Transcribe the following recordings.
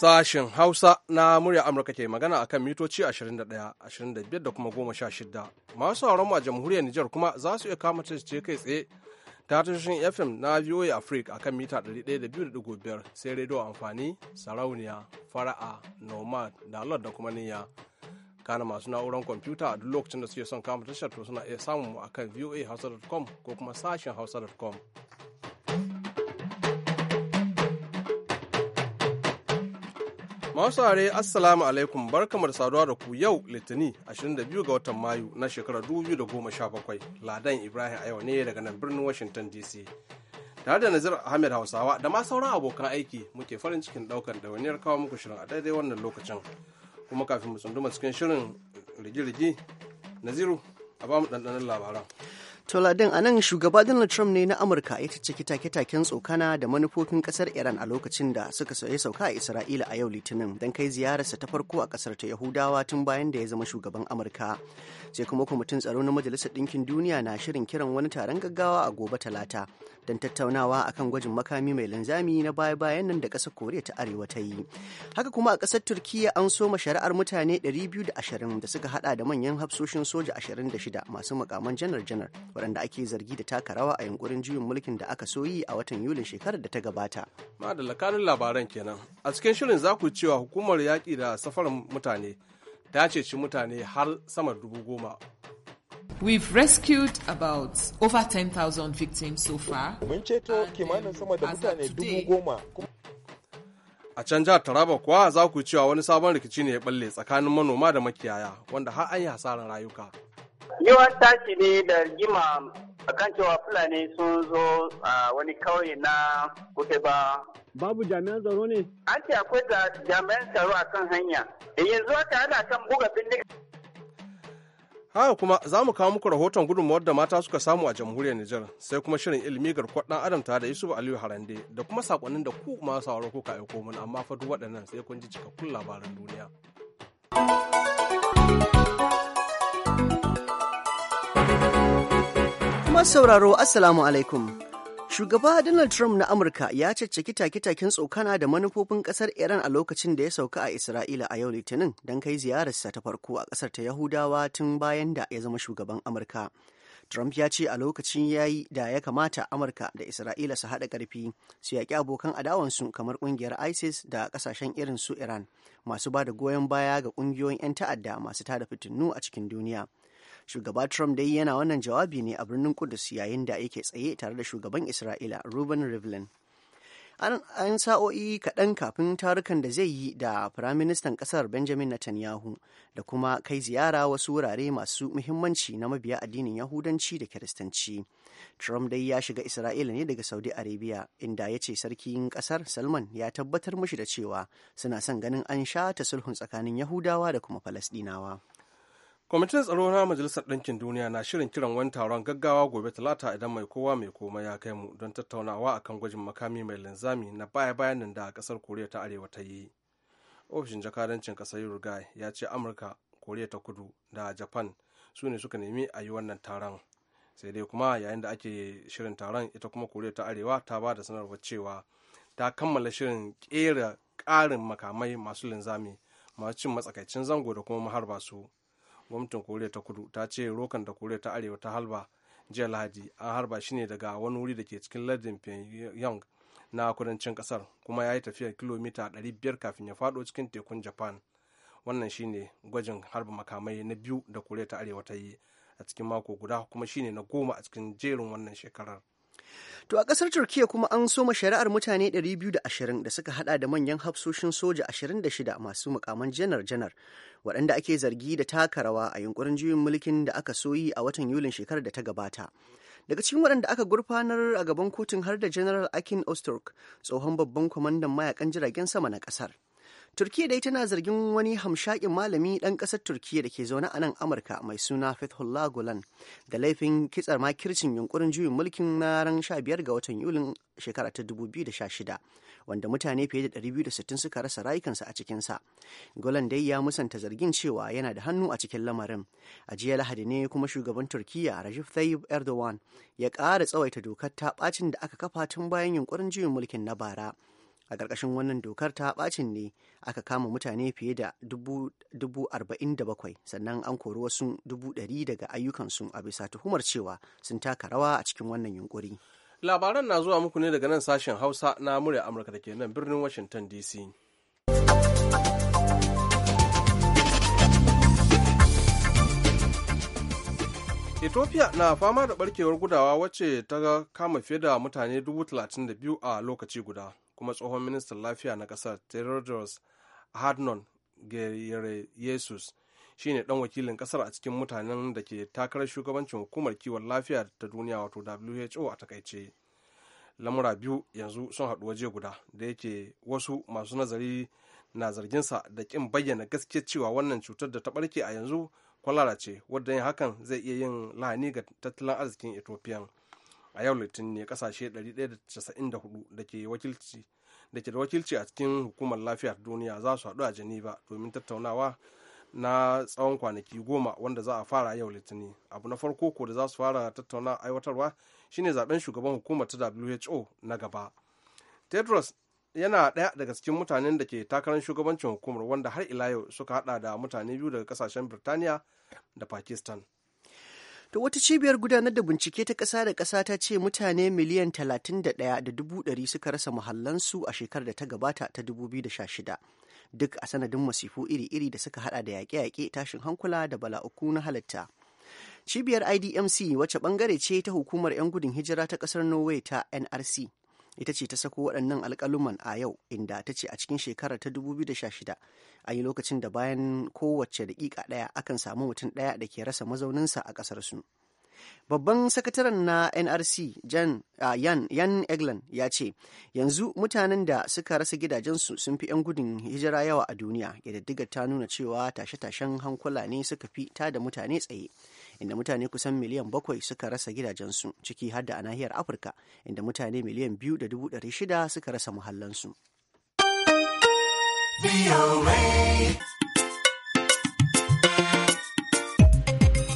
Sashen Hausa na murya Amurka ke magana a kan mitoci 21, 25 da kuma 16. Masu sauranmu a jamhuriyar Nijar kuma za su iya kama ce kai tsaye ta tashoshin FM na VOA Africa a kan mita 102.5 sai rediyo amfani, sarauniya, fara'a, nomad, dalar da kuma niyya. Kana masu na'uran kwamfuta a duk lokacin da suke son kama tashar to suna iya samun mu a kan voahausa.com ko kuma sashen hausa.com. Masu are Assalamu alaikum barkamu da saduwa da ku yau Litini 22 ga watan Mayu na shekarar 2017 Ladan Ibrahim a yau ne daga nan birnin Washington DC. Tare da Nazir Ahmed Hausawa da ma sauran abokan aiki muke farin cikin daukar wani kawo muku shirin a daidai wannan lokacin. Kuma kafin mu tsunduma cikin shirin rigi-rigi, Naziru a bamu ɗanɗanon labaran. Toladin a nan shugaba Donald Trump ne na Amurka ya ciki take-taken tsokana da manufofin kasar Iran a lokacin da suka sauye sauka a Isra'ila a yau Litinin don kai ziyararsa ta farko a kasar ta Yahudawa tun bayan da ya zama shugaban Amurka. sai kuma kwamitin tsaro na majalisar ɗinkin duniya na shirin kiran wani taron gaggawa a gobe talata don tattaunawa akan gwajin makami mai linzami na baya-bayan nan da ƙasar koriya ta arewa ta yi haka kuma a ƙasar turkiya an soma shari'ar mutane 220 da suka hada da manyan hafsoshin soja 26 masu makaman janar-janar waɗanda ake zargi da taka rawa a yunkurin juyin mulkin da aka soyi a watan yulin shekarar da ta gabata madalla kanun labaran kenan a cikin shirin za ku cewa hukumar yaƙi da safar mutane ta ceci mutane har sama dubu goma. We've rescued about over 10,000 victims so far. Mun ceto uh, kimanin sama da mutane dubu goma. A can jihar Taraba kuwa za ku cewa wani sabon rikici ne ya balle tsakanin manoma da makiyaya wanda har an yi hasarar rayuka. Yiwa tashi ne da rigima kan cewa Fulani sun zo a uh, wani kauye na Kuteba babu jami'an tsaro ne? An ce akwai jami'an tsaro a kan hanya. Eh, yanzu haka ana kan buga bindiga. Haka kuma za mu kawo muku rahoton gudunmawar da mata suka samu a jamhuriyar Nijar sai kuma shirin ilimi garkuwar ɗan adam tare da Yusuf Aliyu Harande da kuma sakonnin da ku masu sauraro ka aiko mana amma fa duk waɗannan sai kun ji cikakkun labaran duniya. Kuma sauraro Assalamu alaikum. Shugaba Donald Trump na Amurka ya caccaki take-taken tsokana da manufofin kasar Iran a lokacin da ya sauka a Isra'ila a yau Litinin don kai ziyararsa ta farko a ƙasar ta Yahudawa tun bayan da ya zama shugaban Amurka. Trump ya ce a lokacin ya yi da ya kamata Amurka da Isra'ila su haɗa ƙarfi su yaƙi abokan adawansu kamar ƙungiyar ISIS da ƙasashen irin su Iran masu ba da goyon baya ga ƙungiyoyin 'yan ta'adda masu tada fitinu a cikin duniya. Shugaba Trump dai yana wannan jawabi ne a birnin Kudus yayin da yake tsaye tare da shugaban Isra'ila Ruben Rivlin. An sa'o'i kaɗan kafin tarukan da zai yi da Firaministan ƙasar Benjamin Netanyahu da kuma kai ziyara wasu wurare masu muhimmanci na mabiya addinin Yahudanci da Kiristanci. Trump dai ya shiga Isra'ila ne daga Saudi Arabia, inda ya ce sarkin ƙasar Salman ya tabbatar mashi da cewa suna son ganin an sha ta sulhun tsakanin Yahudawa da kuma Falasɗinawa. kwamitin tsaro na majalisar ɗinkin duniya na shirin kiran wani taron gaggawa gobe talata idan mai kowa mai koma ya kai mu don tattaunawa a kan gwajin makami mai linzami na baya nan da ƙasar koriya ta arewa ta yi ofishin jakadancin kasar uruguay ya ce amurka koriya ta kudu da japan su ne suka nemi a yi wannan taron sai dai kuma yayin da ake shirin taron ita kuma koriya ta arewa ta ba da sanarwar cewa ta kammala shirin ƙera ƙarin makamai masu linzami masu cin matsakaicin zango da kuma maharba su gwamnatin koriya ta kudu ta ce rokan da koriya ta arewa ta halba jiya lahadi an harba shi ne daga wani wuri da ke cikin lardin pyongyang na kudancin kasar kuma ya yi tafiyar kilomita 500 kafin ya fado cikin tekun japan wannan shine gwajin harba makamai na biyu da koriya ta arewa ta yi a cikin mako guda kuma shine na goma a cikin jerin wannan shekarar To a ƙasar Turkiyya kuma an soma shari'ar mutane 220 da suka hada da manyan hafsoshin soja 26 masu mukaman janar-janar waɗanda ake zargi da taka rawa a yunkurin juyin mulkin da aka soyi a watan Yulin shekarar da ta gabata. Daga cikin waɗanda aka gurfanar a gaban kotun har da General Akin Osturk, tsohon babban kwamandan mayakan jiragen sama na ƙasar. turkiya dai tana zargin wani hamshakin malami ɗan ƙasar turkiya da ke zaune a nan amurka mai suna fethullah gulen da laifin kitsar makircin yunkurin juyin mulkin na ran 15 ga watan yulin shekara ta 2016 wanda mutane fiye da 260 suka rasa rayukansa a cikinsa gulen dai ya musanta zargin cewa yana da hannu a cikin lamarin a jiya lahadi ne kuma shugaban turkiya rajib tayyip erdogan ya ƙara tsawaita dokar ta bacin da aka kafa tun bayan yunkurin juyin mulkin na bara a ƙarƙashin wannan dokar ta ɓacin ne aka kama mutane fiye da dubu arba'in da bakwai sannan an kori wasu dubu ɗari daga ayyukansu a bisa tuhumar cewa sun taka rawa a cikin wannan yunƙuri. labaran na zuwa muku ne daga nan sashen hausa na murya amurka da ke nan birnin washington dc. Ethiopia na fama da barkewar gudawa wacce ta kama fiye da mutane 32,000 a lokaci guda, kuma tsohon ministan lafiya na kasar Tedros Adhanom Ghebreyesus shi ne ɗan wakilin ƙasar a cikin mutanen da ke takarar shugabancin hukumar kiwon lafiya ta duniya wato WHO a takaice. Lamura biyu yanzu sun haɗu waje guda da yake wasu masu nazari na zarginsa da ƙin bayyana gaskiyar cewa wannan cutar da ta ɓarke a yanzu kwalara ce wadda yin hakan zai iya yin lahani ga tattalin arzikin ethiopian a yau litinin ne kasashe 194 da ke wakilci da ke da wakilci a cikin hukumar lafiyar duniya za su haɗu a geneva domin tattaunawa na tsawon kwanaki goma wanda za a fara yau litinin abu na farko ko da za su fara tattauna aiwatarwa shine zaben shugaban hukumar ta who na gaba tedros yana ɗaya daga cikin mutanen da ke takarar shugabancin hukumar wanda har ila yau suka hada da mutane biyu daga kasashen birtaniya da pakistan To wata cibiyar gudanar da bincike ta ƙasa da ƙasa ta ce mutane miliyan 31,100 suka rasa muhallansu a shekarar da ta gabata ta 2016. Duk a sanadin masifu iri-iri da suka hada da yaƙe-yaƙe tashin hankula da bala'uku na halitta. Cibiyar IDMC wacce bangare ce ta hukumar 'yan gudun hijira ta ƙasar Norway ta NRC ita ce ta sako waɗannan alƙaluman a yau inda ta ce a cikin shekarar ta 2016 shida yi lokacin da bayan kowace daƙiƙa ɗaya akan samu mutum ɗaya da ke rasa mazauninsa a ƙasar su. Babban sakataren na NRC Jan, uh, Yan, Eglan ya ce, yanzu mutanen da suka rasa gidajensu sun fi 'yan gudun hijira yawa a duniya, ƙididdigar ta nuna cewa tashe-tashen hankula ne suka fi ta da mutane tsaye. inda mutane kusan miliyan bakwai suka rasa gidajensu ciki har da a nahiyar afirka inda mutane miliyan biyu da dubu ɗari shida suka rasa muhallansu.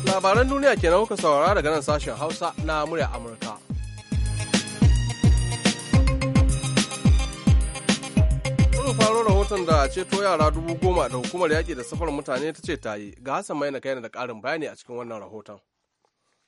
labaran duniya kenan kuka saurara daga nan sashen hausa na murya amurka bari faro rahoton da ceto yara dubu goma da hukumar yaƙi da safar mutane ta ce ta yi ga hassan mai na kai da ƙarin bayani a cikin wannan rahoton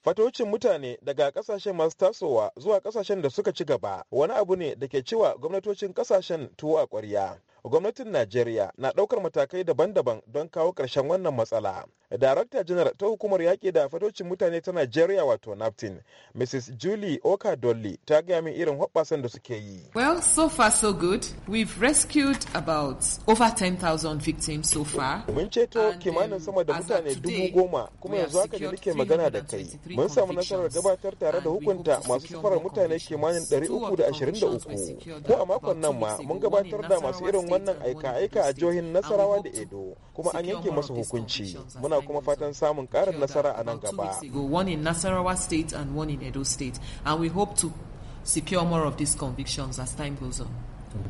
fatocin mutane daga kasashen masu tasowa zuwa kasashen da suka ci gaba wani abu ne da ke ciwa gwamnatocin kasashen tuwo a ƙwarya gwamnatin najeriya na ɗaukar matakai daban-daban don kawo karshen wannan matsala darakta janar ta hukumar yaƙi da fatocin mutane ta najeriya wato naftin mrs julie oka dolly ta gaya min irin hoɓɓasan da suke yi well so far so good we've rescued about over 10,000 victims so far mun ceto kimanin sama da mutane dubu goma kuma yanzu haka da nake magana da kai mun samu nasarar gabatar tare da hukunta masu safarar mutane kimanin 323 ko a makon nan ma mun gabatar da masu irin wannan aika-aika a jihohin Nasarawa da Edo kuma an yanke masa hukunci. Muna kuma fatan samun uh, nasara a nan gaba. One in Nasarawa state and one in Edo state and we hope to secure more of these convictions as time goes on.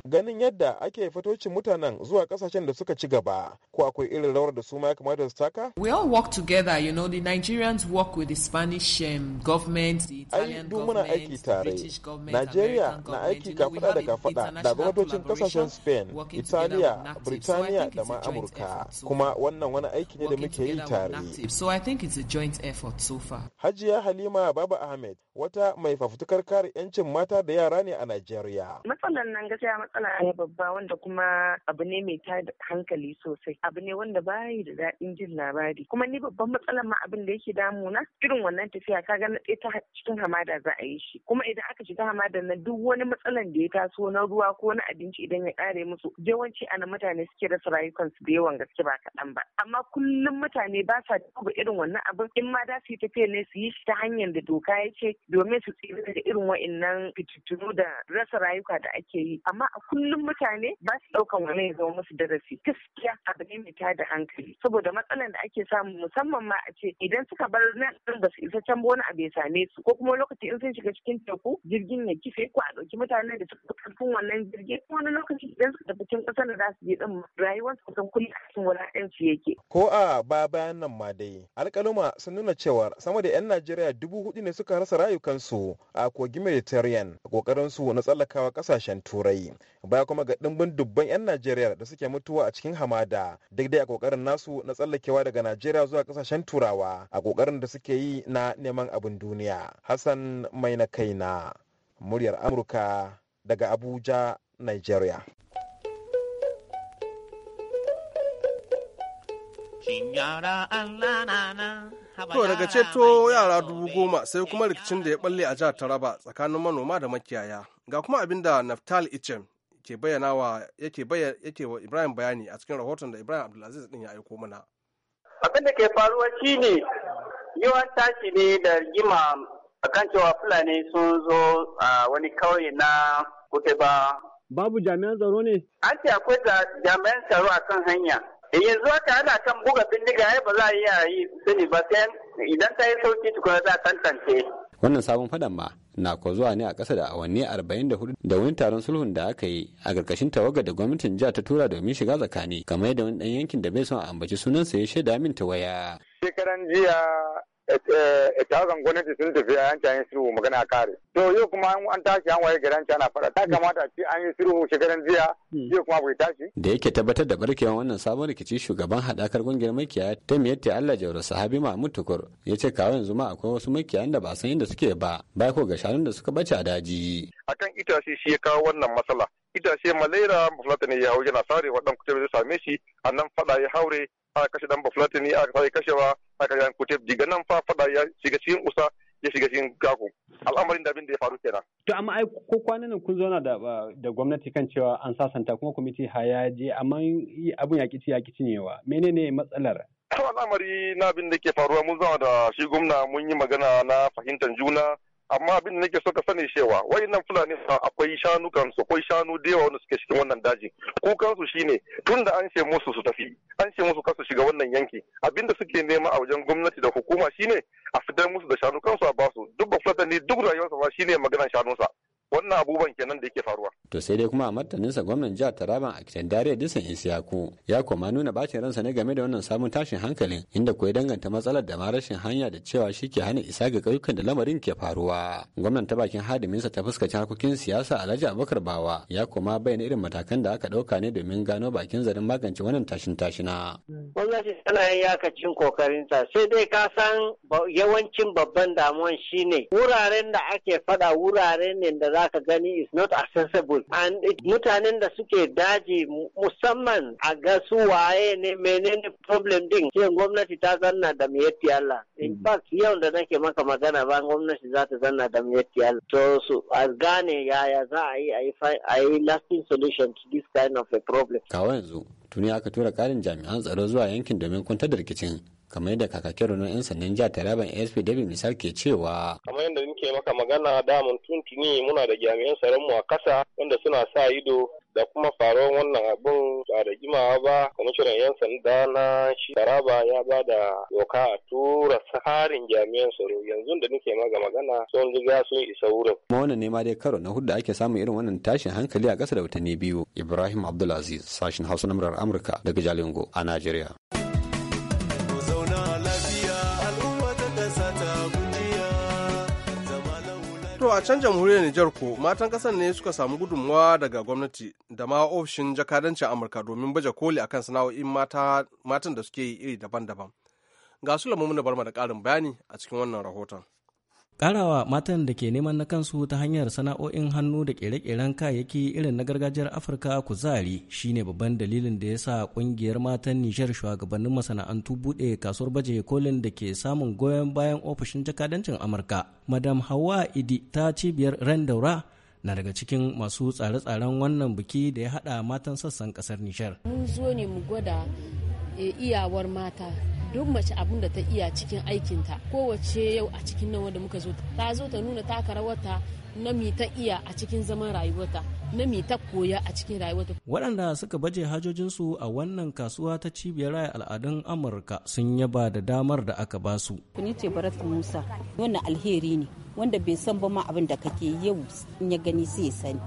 Ganin yadda ake fitocin mutanen zuwa kasashen da suka ci gaba, ko akwai irin rawar da su ma ya kamata su taka? We all work together, you know, the Nigerians work with the Spanish um, government, the Italian Ay, government, aiki tare. the British government, Nigeria na aiki fada da fada da gwamnatocin kasashen Spain, Italiya, britania da ma Amurka. Kuma wannan wani aiki ne da muke yi tare. So I think it's a joint effort so far. Hajiya Halima Baba Ahmed, wata mai fafutukar kare 'yancin mata da yara ne a Najeriya. Matsalar nan gaskiya matsala ne babba wanda kuma abu ne mai tada hankali sosai abu ne wanda bayi da daɗin jin labari kuma ni babban matsalar ma abin da yake damuna irin wannan tafiya ka ga ta cikin hamada za a yi shi kuma idan aka shiga hamada na duk wani matsalan da ya taso na ruwa ko na abinci idan ya kare musu yawanci ana mutane suke rasa rayukansu da yawan gaske ba kaɗan ba amma kullum mutane ba sa duba irin wannan abin in ma da su yi tafiya ne su yi shi ta hanyar da doka ya ce domin su tsira da irin wa'innan fitintunu da rasa rayuka da ake yi amma amma a kullum mutane ba su ɗaukan wani ya zama musu darasi gaskiya abu ne mai tada hankali saboda matsalan da ake samu musamman ma a ce idan suka bar nan ba su isa can ba wani abu ya same su ko kuma lokaci in sun shiga cikin teku jirgin ya kife ko a ɗauki mutanen da suka karfin wannan jirgin Ko wani lokaci idan suka tafi cikin ƙasar da za su je ɗin rayuwarsu kusan kullum a cikin wulaƙanci yake. ko a ba bayan nan ma dai alƙaluma sun nuna cewa sama da 'yan najeriya dubu hudu ne suka rasa rayukansu a kogin mediterranean a kokarin su na tsallakawa ƙasashen turai baya kuma ga dimbin dubban 'yan najeriya da suke mutuwa a cikin hamada duk dai a kokarin nasu na tsallakewa daga najeriya zuwa kasashen turawa a kokarin da suke yi na neman abin duniya hassan mai na kai na, muryar amurka daga abuja nigeria Shin Allah To daga ceto yara dubu goma sai kuma rikicin da ya balle a jihar Taraba tsakanin manoma da makiyaya. Ga kuma abin da Naftali Ichem ke bayyana yake yake wa Ibrahim bayani a cikin rahoton da Ibrahim Abdulaziz din ya aiko mana. Abin da ke faruwa shine yawan tashi ne da rigima akan cewa Fulani sun zo a wani kauye na Kuteba. Babu jami'an tsaro ne? An ce akwai jami'an tsaro a kan hanya. Eh, yanzu haka ana kan buga bindiga ya ba za a iya yi sani ba sai idan ta yi sauki tukuna za a tantance. Wannan sabon fadan ma na ko zuwa ne a ƙasa da awanni arba'in da hudu. Da wani taron sulhun da aka yi a ƙarƙashin tawaga da gwamnatin jiha ta tura domin shiga tsakani kamar yadda wani ɗan yankin da bai son a ambaci sunansa ya shaida min ta waya. Shekaran jiya Eh, eh, tawagan gwamnati sun tafi a yanci an yi sulhu magana kare to yau kuma an tashi an waye garan ana fada ta kamata a ce an yi sulhu shekaran jiya hmm. yau kuma bai tashi da yake tabbatar da barkewa wannan sabon rikici shugaban hadakar kungiyar makiyaya ta miyatta Allah Jauro Sahabi Mahmud Tukur ya ce kawo yanzu ma akwai wasu makiyayan da ba san inda suke ba bai ko ga shanun da suka bace a daji akan itace shi ya kawo wannan matsala itace malaira ne ya hau yana sare waɗannan kutubu same shi a nan faɗa ya haure aka kashe dan bafulatani aka kashe kashewa makajan kutef diga nan fa fada ya shiga cikin usa ya shiga cikin gaku al'amarin da abin da ya faru kenan to amma ai ko kwanan nan kun zauna da da gwamnati kan cewa an sasanta kuma kwamiti ya je amma abun ya kici ya kici newa menene matsalar al'amari na abin da ke faruwa mun zama da shi gwamna mun yi magana na fahimtar juna amma abin da nake so ka sani cewa wayannan fulani akwai shanu kansu akwai shanu da yawa wanda suke cikin wannan daji kukan su shine tun da an ce musu su tafi an ce musu kasu shiga wannan yanki abinda suke nema a wajen gwamnati da hukuma shine a fitar musu da shanu kansu a basu duk ba fulani duk rayuwarsa ba shine maganar shanunsa wannan abubuwan kenan da yake faruwa to sai dai kuma a martaninsa gwamnan jihar taraba a kitan dare disan isiyaku ya koma nuna bacin ransa ne game da wannan samun tashin hankalin inda kuwa danganta matsalar da ma rashin hanya da cewa shi ke hana isa ga ƙauyukan da lamarin ke faruwa gwamnan ta bakin hadiminsa ta fuskacin harkokin siyasa alhaji abubakar bawa ya koma bayyana irin matakan da aka ɗauka ne domin gano bakin zarin magance wannan tashin tashina. gwamnati tana yin yakacin kokarinta sai dai ka san yawancin babban damuwan shine wuraren da ake faɗa wuraren ne da zaka gani is not accessible mutanen da suke daji musamman a ga su waye ne menene problem din ke gwamnati ta zanna da miyatti Allah in hmm. fact yau da nake maka magana ba gwamnati za ta zanna da miyatti Allah to su a gane yaya za a yi a yi lasting solution to this kind of a problem kawo yanzu tuni aka tura karin jami'an tsaro zuwa yankin domin kwantar da rikicin kamar yadda kakakin rundunar 'yan sandan jihar taraban asp david misal ke cewa kamar yadda muke maka magana damun tuntuni muna da jami'an mu a ƙasa wanda suna sa ido da kuma faruwar wannan abun ba da jimawa ba kwamishinan 'yan sanda na shi taraba ya ba da doka a tura tsarin jami'an tsaro yanzu da nake maga magana sun riga sun isa wurin. kuma wannan nema ma dai karo na hudu da ake samun irin wannan tashin hankali a ƙasa da watanni biyu ibrahim abdulaziz sashin hausa na murar amurka daga jalingo a najeriya. a can jamhuriyar Nijar ko matan kasar ne suka samu gudunmawa daga gwamnati da ma ofishin jakadancin Amurka domin baje koli akan sana'o'in matan da suke yi iri daban-daban. Ga su lamu bar da ƙarin bayani a cikin wannan rahoton. Ƙarawa matan da ke neman na kansu ta hanyar sana'o'in hannu da ƙere-ƙeren kayayyaki irin na gargajiyar Afirka kuzari shine babban dalilin da ya sa ƙungiyar matan Nijar shugabannin masana'antu buɗe kasuwar baje kolin da ke samun goyon bayan ofishin jakadancin Amurka. Madam Hawa Idi ta cibiyar Rendaura na daga cikin masu tsare-tsaren wannan biki da ya haɗa matan sassan ƙasar Nijar. Mun zo ne mu gwada eh, iyawar mata duk mace abun da ta iya cikin aikinta kowace yau a cikin nan wanda muka zo ta zo ta nuna taka rawarta na mi ta iya a cikin zaman rayuwarta na mi ta koya a cikin rayuwarta. Waɗanda suka baje hajojinsu a wannan kasuwa ta cibiyar raya al'adun Amurka sun yaba da damar da aka ba su. Ni ce Barat Musa, wannan alheri ne wanda bai san ba ma abin da kake yau in ya gani sai ya sani.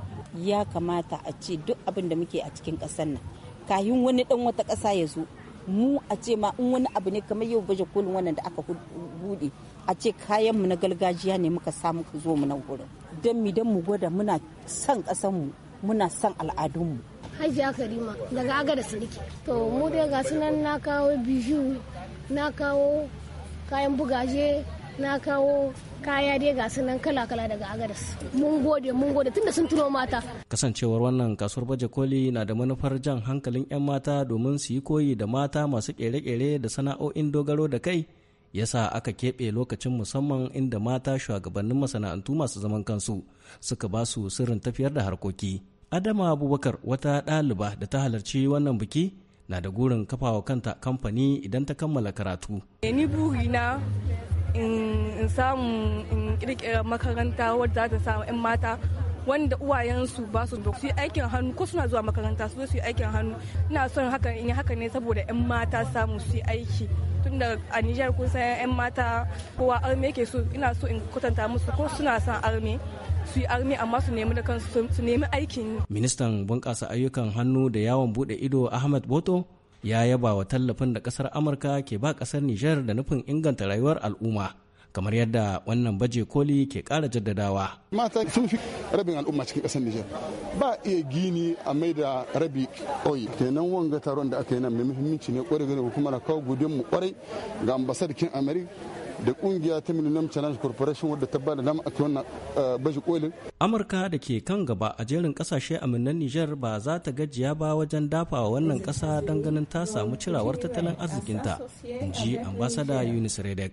Ya kamata a ce duk abin da muke a cikin ƙasar nan. Kayin wani ɗan wata ƙasa ya zo mu a ce ma in wani abu ne kamar yau baje kolin wannan da aka bude a ce kayan mu na gargajiya ne muka samu ka zo mu nan gurin dan mi dan mu gwada muna son kasan mu muna son al'adunmu Hajiya Karima daga Agada Sarki. To mu dai ga sunan na kawo biju na kawo kayan bugaje na kawo kaya dai ga sunan kala-kala daga agadas mun gode mun gode tunda sun tuno mata kasancewar wannan kasuwar baje koli na da manufar jan hankalin 'yan mata domin su yi koyi da mata masu kere-kere da sana'o'in dogaro da kai yasa aka keɓe lokacin musamman inda mata shugabannin masana'antu masu zaman kansu suka ba su sirrin tafiyar da harkoki adama abubakar wata ɗaliba da ta halarci wannan biki na da gurin kafawa kanta kamfani idan ta kammala karatu ni burina in samu in kirkira makaranta wadda za ta samu 'yan mata wanda uwayensu ba su da su yi aikin hannu ko suna zuwa makaranta su su yi aikin hannu ina son haka in yi haka ne saboda 'yan mata samu su yi aiki tunda a Nijar kun san 'yan mata kowa arme ke so ina so in kwatanta musu ko suna son arme su yi arme amma su nemi da kansu su nemi aikin yi. Ministan bunƙasa ayyukan hannu da yawon buɗe ido Ahmad Boto ya yaba wa tallafin da kasar amurka ke ba kasar niger da nufin inganta rayuwar al'umma kamar yadda wannan baje koli ke kara jaddadawa. Mata sun fi rabin al'umma cikin kasar Nijar. Ba iya gini a mai da rabi oyi. Kenan wanga taron da aka yi nan mai muhimmanci ne kwarai gani kuma na kawo gudunmu mu kwarai ga kin Amerika da kungiya ta Millennium Challenge Corporation wadda ta bada dama ake wannan baji kolin. Amurka da ke kan gaba a jerin kasashe a minnan niger ba za ta gajiya ba wajen dafa wa wannan kasa don ganin ta samu cirawar tattalin arzikinta, in ji ambasada Yunus Redek.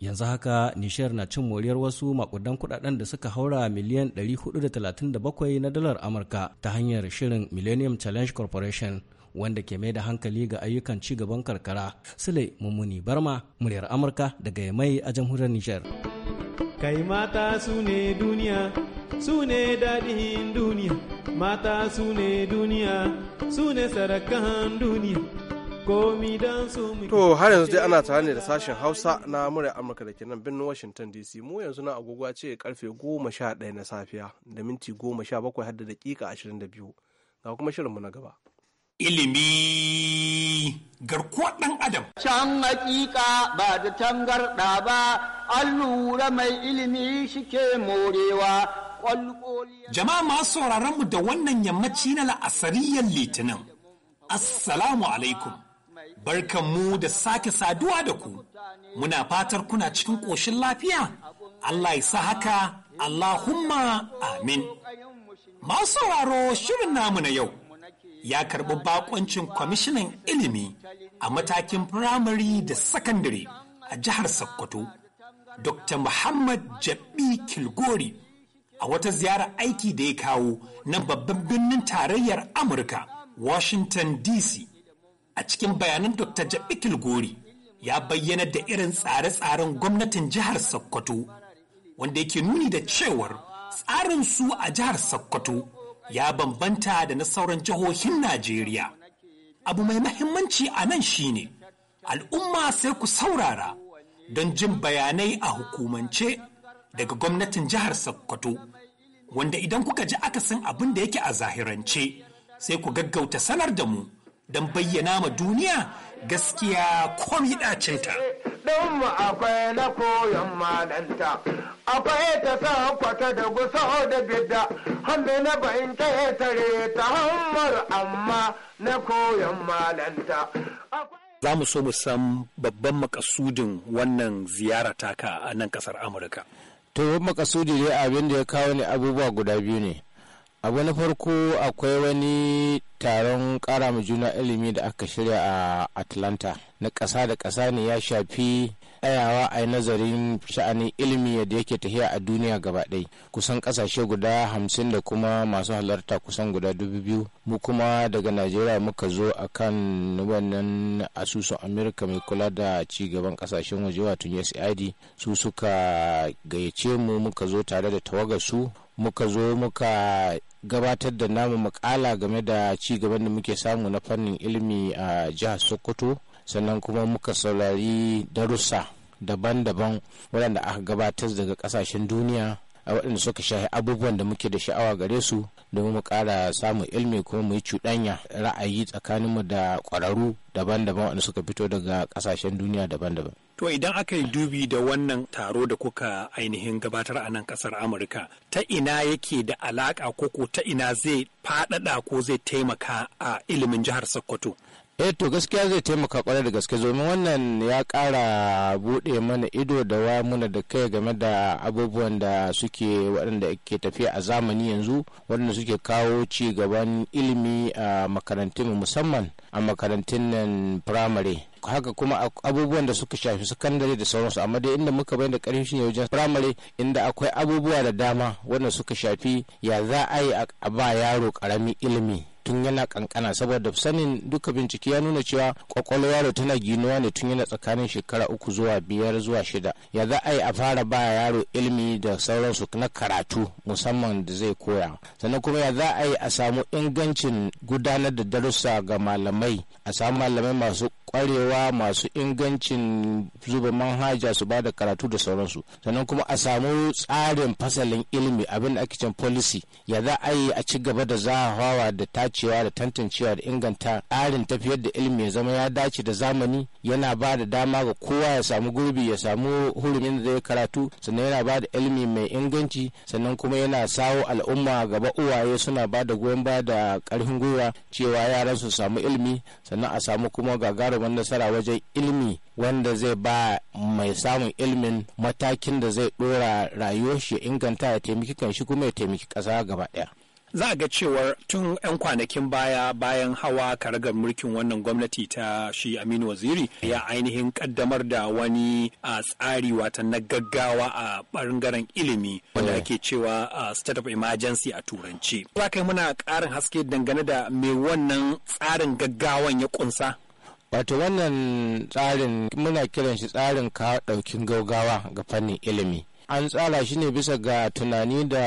yanzu haka nishiyar na cin moriyar wasu makudan kudaden da suka haura miliyan 437 na dalar amurka ta hanyar shirin millennium challenge corporation wanda ke mai da hankali ga ayyukan ci gaban karkara. Sule Mummuni Barma, muryar Amurka daga mai a jamhuriyar Nijar. Kai mata su ne duniya, su ne daɗin duniya, mata su ne duniya, su ne sarakan duniya. To har yanzu dai ana tare ne da sashen Hausa na murya Amurka da ke nan birnin Washington DC mu yanzu na agogo ce karfe goma sha ɗaya na safiya da minti goma sha bakwai har da dakika ashirin da biyu ga kuma shirinmu na gaba. ilimi garkuwar ɗan adam. Can hakika ba da tangarɗa ba, an lura mai ilimi shi ke morewa. Jama'a masu sauraron mu da wannan yammaci na la'asariyar litinin. Assalamu alaikum. Barkan mu da sake saduwa da ku. Muna fatar kuna cikin ƙoshin lafiya. Allah ya sa haka, Allahumma amin. Masu sauraro shirin namu na yau. ya karɓi bakoncin kwamishinan ilimi a matakin firamare da sakandare a jihar Sokoto, Dr. Muhammad Jabi Kilgori a wata ziyara aiki da ya kawo na babban birnin tarayyar Amurka, Washington DC. A cikin bayanan Dr. Jabi Kilgori ya bayyana da irin tsare-tsaren gwamnatin jihar Sokoto, wanda yake nuni da cewar tsarin su a jihar Sokoto. ya bambanta da na sauran jihohin Najeriya. Abu mai mahimmanci a nan shine al'umma sai ku saurara don jin bayanai a hukumance daga gwamnatin jihar Sokoto, wanda idan kuka ji akasin abin da yake a zahirance sai ku gaggauta sanar da mu don bayyana ma duniya gaskiya komi dacinta. Ɗanmu akwai na koyon malanta, akwai ta sa kwata da gusa da bidda, hannu na bayin ta tare ta hammar amma na koyon malanta. Za mu so mu san babban makasudin wannan ziyara taka a nan kasar Amurka. To, makasudi ne abin da ya kawo ne abubuwa guda biyu ne. abu na farko akwai wani taron kara mu juna ilimi da aka shirya a atlanta na ƙasa da ƙasa ne ya shafi tsayawa a nazarin sha'anin ilimi yadda yake tahiya a duniya gaba kusan kasashe guda hamsin da kuma masu halarta kusan guda dubu biyu mu kuma daga najeriya muka zo a kan wannan asusun amurka mai kula da cigaban gaban ƙasashen waje wato usaid su suka gayyace mu muka zo tare da tawagar su muka zo muka gabatar da namu makala game da ci gaban da muke samu na fannin ilimi a jihar sokoto sannan kuma muka saurari darussa daban-daban waɗanda aka gabatar daga ƙasashen duniya a waɗanda suka shahi abubuwan da muke da sha'awa gare su domin mu ƙara samun ilmi kuma mu yi cuɗanya ra'ayi tsakaninmu da ƙwararru daban-daban waɗanda suka fito daga ƙasashen duniya daban-daban. To idan aka yi dubi da wannan taro da kuka ainihin gabatar a nan kasar Amurka, ta ina yake da alaƙa ko ta ina zai faɗaɗa ko zai taimaka a ilimin jihar Sokoto? eh to gaskiya zai taimaka kwarai da gaske domin wannan ya ƙara buɗe mana ido da wa muna da kai game da abubuwan da suke waɗanda ke tafiya a zamani yanzu waɗanda suke kawo ci gaban ilimi a makarantun musamman a makarantun nan firamare haka kuma abubuwan da suka shafi sakandare da sauransu amma dai inda muka bayyana karfi shine wajen firamare inda akwai abubuwa da dama wanda suka shafi ya za a yi a ba yaro karami ilimi tun yana kankana saboda sanin duka bincike ya nuna cewa kwakwalwa yaro tana ginuwa ne tun yana tsakanin shekara uku zuwa biyar zuwa shida ya za a yi a fara ba yaro ilimi da sauransu na karatu musamman da zai koya sannan kuma ya za a yi a samu ingancin gudanar da darussa ga malamai malamai a samu malamai masu kwarewa masu ingancin zuba manhaja su ba da karatu da sauransu sannan kuma a samu tsarin fasalin ilimi abin da ake can policy ya za a yi a ci gaba da zahawa da tacewa da tantancewa da inganta tsarin tafiyar da ilimi ya zama ya dace da zamani yana ba da dama ga kowa ya samu gurbi ya samu hurumin da zai karatu sannan yana ba da ilimi mai inganci sannan kuma yana sawo al'umma gaba uwaye suna ba da goyon ba da karfin gwiwa cewa yaran su samu ilimi hankali sannan a samu kuma gagarumin nasara wajen ilimi wanda zai ba mai samun ilimin matakin da zai dora rayuwar shi inganta ya taimaki kan shi kuma ya taimaki ƙasa gaba ɗaya za a ga cewar tun 'yan kwanakin baya bayan hawa karagar mulkin wannan gwamnati ta shi aminu waziri ya ainihin kaddamar da wani a tsari wata na gaggawa a bangaren ilimi wanda eh. ake cewa a state of emergency a turanci za yi muna karin haske dangane da me wannan tsarin gaggawan ya kunsa wato wannan tsarin muna kiran shi tsarin ka daukin gaugawa ga fannin ilimi an tsara shi ne bisa ga tunani da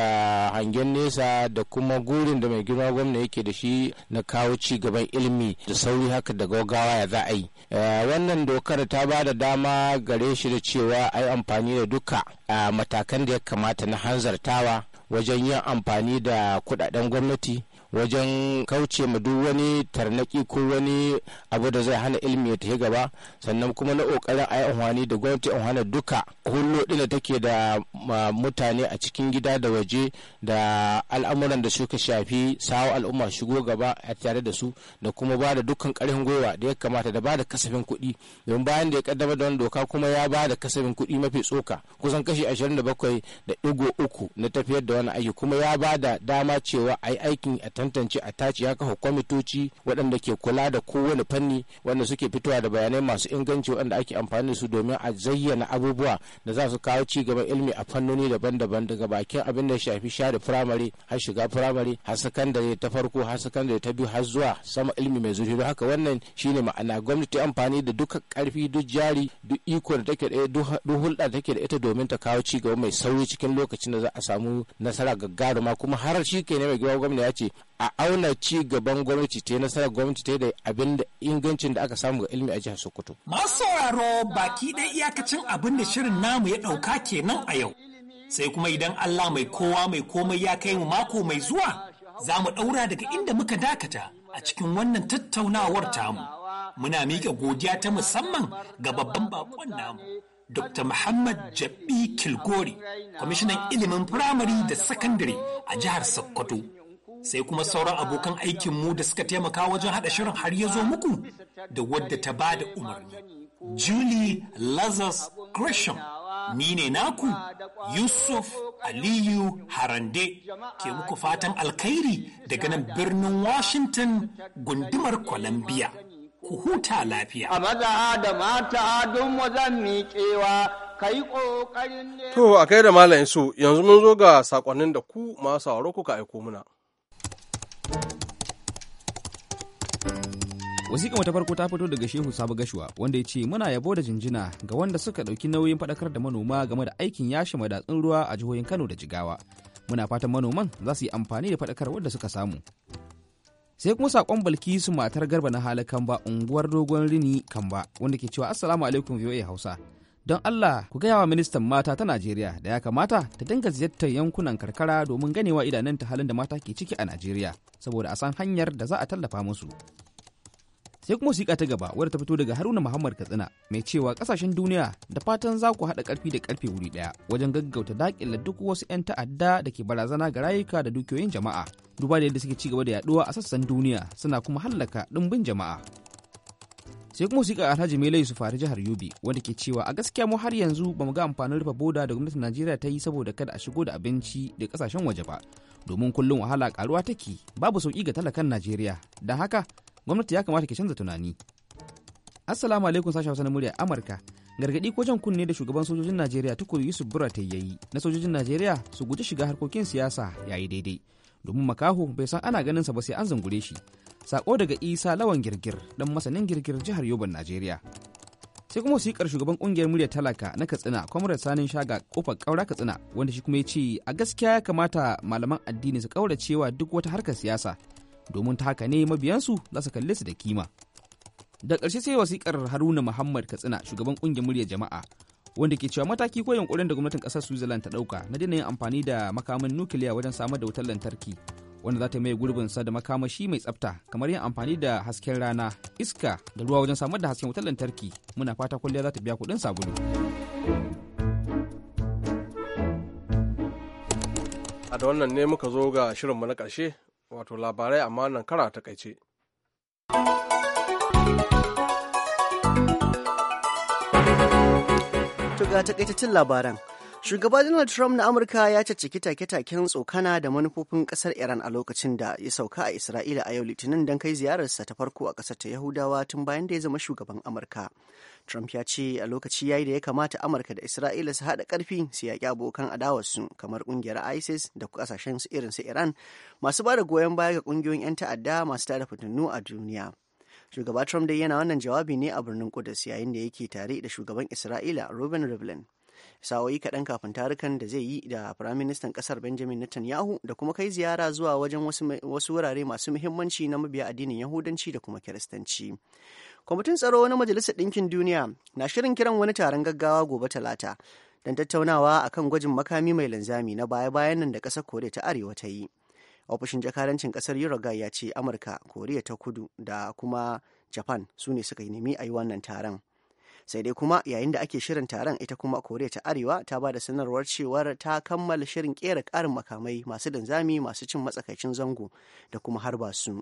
hangen nesa da kuma gurin da mai girma gwamna yake da shi na kawo ci gaban ilimi da sauri haka da gaggawa ya za a yi eh, wannan dokar ta ba da dama gare shi da cewa a yi amfani da duka matakan da ya kamata na hanzartawa wajen yin amfani da kudaden gwamnati wajen kauce ma duk wani tarnaki ko wani abu da zai hana ilimi ya tafi gaba sannan kuma na kokarin a yi amfani da gwamnati a hana duka hulloɗi da take da mutane a cikin gida da waje da al'amuran da suka shafi sawo al'umma shigo gaba a tare da su da kuma ba da dukkan ƙarfin gwiwa da ya kamata da ba da kasafin kuɗi don bayan da ya kaddamar da wani doka kuma ya ba da kasafin kuɗi mafi tsoka kusan kashi ashirin da ɗigo uku na tafiyar da wani aiki kuma ya ba da dama cewa a yi aikin a tantance a taci ya kafa kwamitoci waɗanda ke kula da kowane fanni wanda suke fitowa da bayanai masu inganci waɗanda ake amfani da su domin a zayyana abubuwa da za su kawo ci gaban ilimi a fannoni daban-daban daga bakin abin da shafi share firamare har shiga firamare har sakandare ta farko har sakandare ta biyu har zuwa sama ilimi mai zurfi don haka wannan shine ma'ana gwamnati amfani da duka karfi duk jari duk iko da take da duk hulɗa da take da ita domin ta kawo ci gaba mai sauri cikin lokacin da za a samu nasara gagaruma kuma har shi ke ne mai gida gwamna ya ce a auna ci gaban gwamnati ta yi nasarar gwamnati ta da abin da ingancin da aka samu ga ilimi a jihar Sokoto. Masu sauraro baki ɗaya iyakacin abin da shirin namu ya ɗauka kenan a yau. Sai kuma idan Allah mai kowa mai komai ya kai mu mako mai zuwa za mu ɗaura daga inda muka dakata a cikin wannan tattaunawar tamu. Muna miƙa godiya ta musamman ga babban baƙon namu. Dr. Muhammad Jabi Kilgori, kwamishinan ilimin firamare da sakandare a jihar Sokoto. sai kuma sauran abokan aikin mu da suka taimaka wajen haɗa shirin har ya zo muku da wadda ta ba da umarni. Julie Lazarus Gresham, ni ne naku Yusuf Aliyu Harande, ke muku fatan alkhairi daga nan birnin Washington gundumar Columbia. Ku huta lafiya. A maza da mata don wajen miƙewa To, a kai da malayin su yanzu mun zo ga saƙonnin da ku masu sauraro kuka aiko muna. wasiƙa wata farko ta fito daga shehu sabu gashuwa wanda ya ce muna yabo da jinjina ga wanda suka ɗauki nauyin faɗakar da manoma game da aikin yashe madatsun ruwa a jihohin kano da jigawa muna fatan manoman za su yi amfani da faɗakar wanda suka samu sai kuma saƙon balkisu matar garba na hali kamba unguwar dogon rini kamba wanda ke cewa assalamu alaikum voa hausa don allah ku gaya wa ministan mata ta najeriya da ya kamata ta dinga ziyartar yankunan karkara domin ganewa idanunta halin da mata ke ciki a najeriya saboda a san hanyar da za a tallafa musu sai kuma wasiƙa ta gaba wadda ta fito daga haruna muhammad katsina mai cewa ƙasashen duniya da fatan za ku haɗa ƙarfi da ƙarfe wuri ɗaya wajen gaggauta daƙila duk wasu 'yan ta'adda da ke barazana ga rayuka da dukiyoyin jama'a duba da yadda suke ci gaba da yaɗuwa a sassan duniya suna kuma hallaka ɗumbin jama'a sai kuma wasiƙa alhaji mai yusuf fari jihar yobe wanda ke cewa a gaskiya mu har yanzu ba mu ga amfanin rufe boda da gwamnatin najeriya ta yi saboda kada a shigo da abinci da kasashen waje ba domin kullum wahala karuwa take babu sauƙi ga talakan najeriya don haka gwamnati ya kamata ke canza tunani assalamu alaikum sashen hausa na murya amurka gargadi ko jan kunne da shugaban sojojin najeriya tukur yusuf burata yayi na sojojin najeriya su guji shiga harkokin siyasa yayi daidai domin makaho bai san ana ganin sa ba sai an zangure shi sako daga isa lawan girgir dan masanin girgir jihar yoban najeriya sai kuma wasikar shugaban kungiyar murya talaka na katsina kwamrar sanin shaga kofar kaura katsina wanda shi kuma ya ce a gaskiya ya kamata malaman addini su kauracewa duk wata harkar siyasa domin ta haka ne mabiyansu za su kalle su da kima da ƙarshe sai wasikar haruna muhammad katsina shugaban ƙungiyar muryar jama'a wanda ke cewa mataki ko yunƙurin da gwamnatin ƙasar switzerland ta ɗauka na daina yin amfani da makamin nukiliya wajen samar da wutar lantarki wanda za ta mai gurbin sa da makamashi mai tsafta kamar yin amfani da hasken rana iska da ruwa wajen samar da hasken wutar lantarki muna fata kwalliya za ta biya kuɗin sabulu a da wannan ne muka zo ga shirin mu na ƙarshe wato labarai amma nan kara takaice. Tuga labaran. Shugaba Donald Trump na Amurka ya caccaki take-taken tsokana da manufofin kasar Iran a lokacin da ya sauka a Isra'ila a yau Litinin don kai ziyararsa ta farko a kasar ta Yahudawa tun bayan da ya zama shugaban Amurka. Trump ya ce a lokaci yayi da ya kamata Amurka da Isra'ila su haɗa ƙarfi su yaƙi abokan su kamar ƙungiyar ISIS da ƙasashen su irin su Iran masu ba da goyon baya ga ƙungiyoyin 'yan ta'adda masu tada fitinu a duniya. Shugaba Trump dai yana wannan jawabi ne a birnin Kudus yayin da yake tare da shugaban Isra'ila Ruben Rivlin. sa'o'i kaɗan kafin tarukan da zai yi da firaministan ƙasar benjamin netanyahu da kuma kai ziyara zuwa wajen wasu wurare masu muhimmanci na mabiya addinin yahudanci da kuma kiristanci kwamitin tsaro na majalisar ɗinkin duniya na shirin kiran wani taron gaggawa gobe talata don tattaunawa a kan gwajin makami mai linzami na baya-bayan nan da ƙasar koriya ta arewa ta yi ofishin jakarancin ƙasar uruguay ya ce amurka koriya ta kudu da kuma japan su ne suka nemi a yi wannan taron sai dai kuma yayin da ake shirin taron ita kuma koriya ta arewa ta ba da sanarwar cewar ta kammala shirin kera karin makamai masu linzami masu cin matsakaicin zango da kuma harba su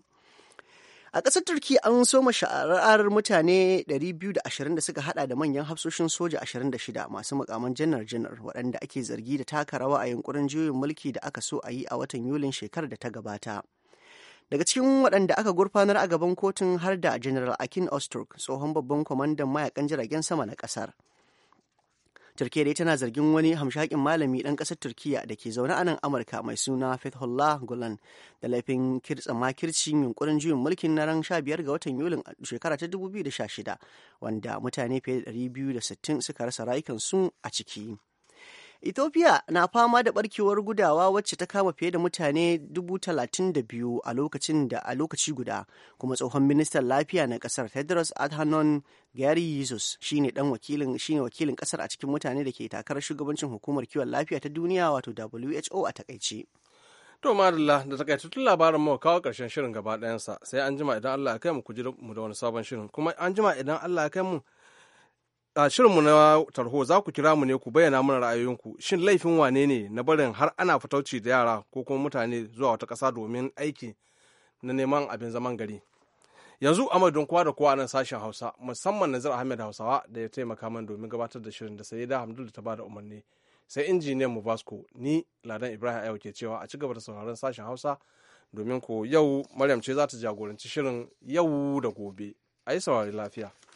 A ƙasar Turki an soma sha'arar mutane 220 da suka hada da manyan hafsoshin soja 26 masu mukaman janar-janar waɗanda ake zargi da taka rawa a yunkurin juyin mulki da aka so a yi a watan Yulin shekarar da ta gabata. Daga cikin waɗanda aka gurfanar a gaban kotun har da General Akin Osturk, tsohon babban kwamandan mayakan jiragen sama na ƙasar. turkiya dai tana zargin wani hamshakin malami ɗan ƙasar turkiya da ke zaune a nan amurka mai suna fethullah gulen da laifin kirtsa makircin yunkurin juyin mulkin na ran 15 ga watan yulin shekara ta 2016 wanda mutane fiye da 260 suka rasa rayukansu a ciki. Ethiopia na fama da barkewar gudawa wacce ta kama fiye da mutane 32,000 a lokacin da a lokaci guda, kuma tsohon ministan lafiya na kasar Tedros Adhanom Ghebreyesus shine dan wakilin kasar a cikin mutane da ke takarar shugabancin hukumar kiwon lafiya ta duniya wato WHO a takaice. To madalla da takaitattun labarin mu kawo karshen shirin gaba ɗayansa sai an jima idan Allah ya kai mu ku mu da wani sabon shirin kuma an jima idan Allah ya kai mu a shirinmu na tarho za ku kira mu ne ku bayyana mana ra'ayoyinku shin laifin wane ne na barin har ana fitauci da yara ko kuma mutane zuwa wata ƙasa domin aiki na neman abin zaman gari yanzu a don kowa da kowa nan sashen hausa musamman nazar ahmed hausawa da ya taimaka min domin gabatar da shirin da sai da hamdul da ta da umarni sai injiniyan mu basko ni ladan ibrahim ayo ke cewa a ci gaba da sauraron sashen hausa domin ko yau maryam ce za ta jagoranci shirin yau da gobe a yi saurari lafiya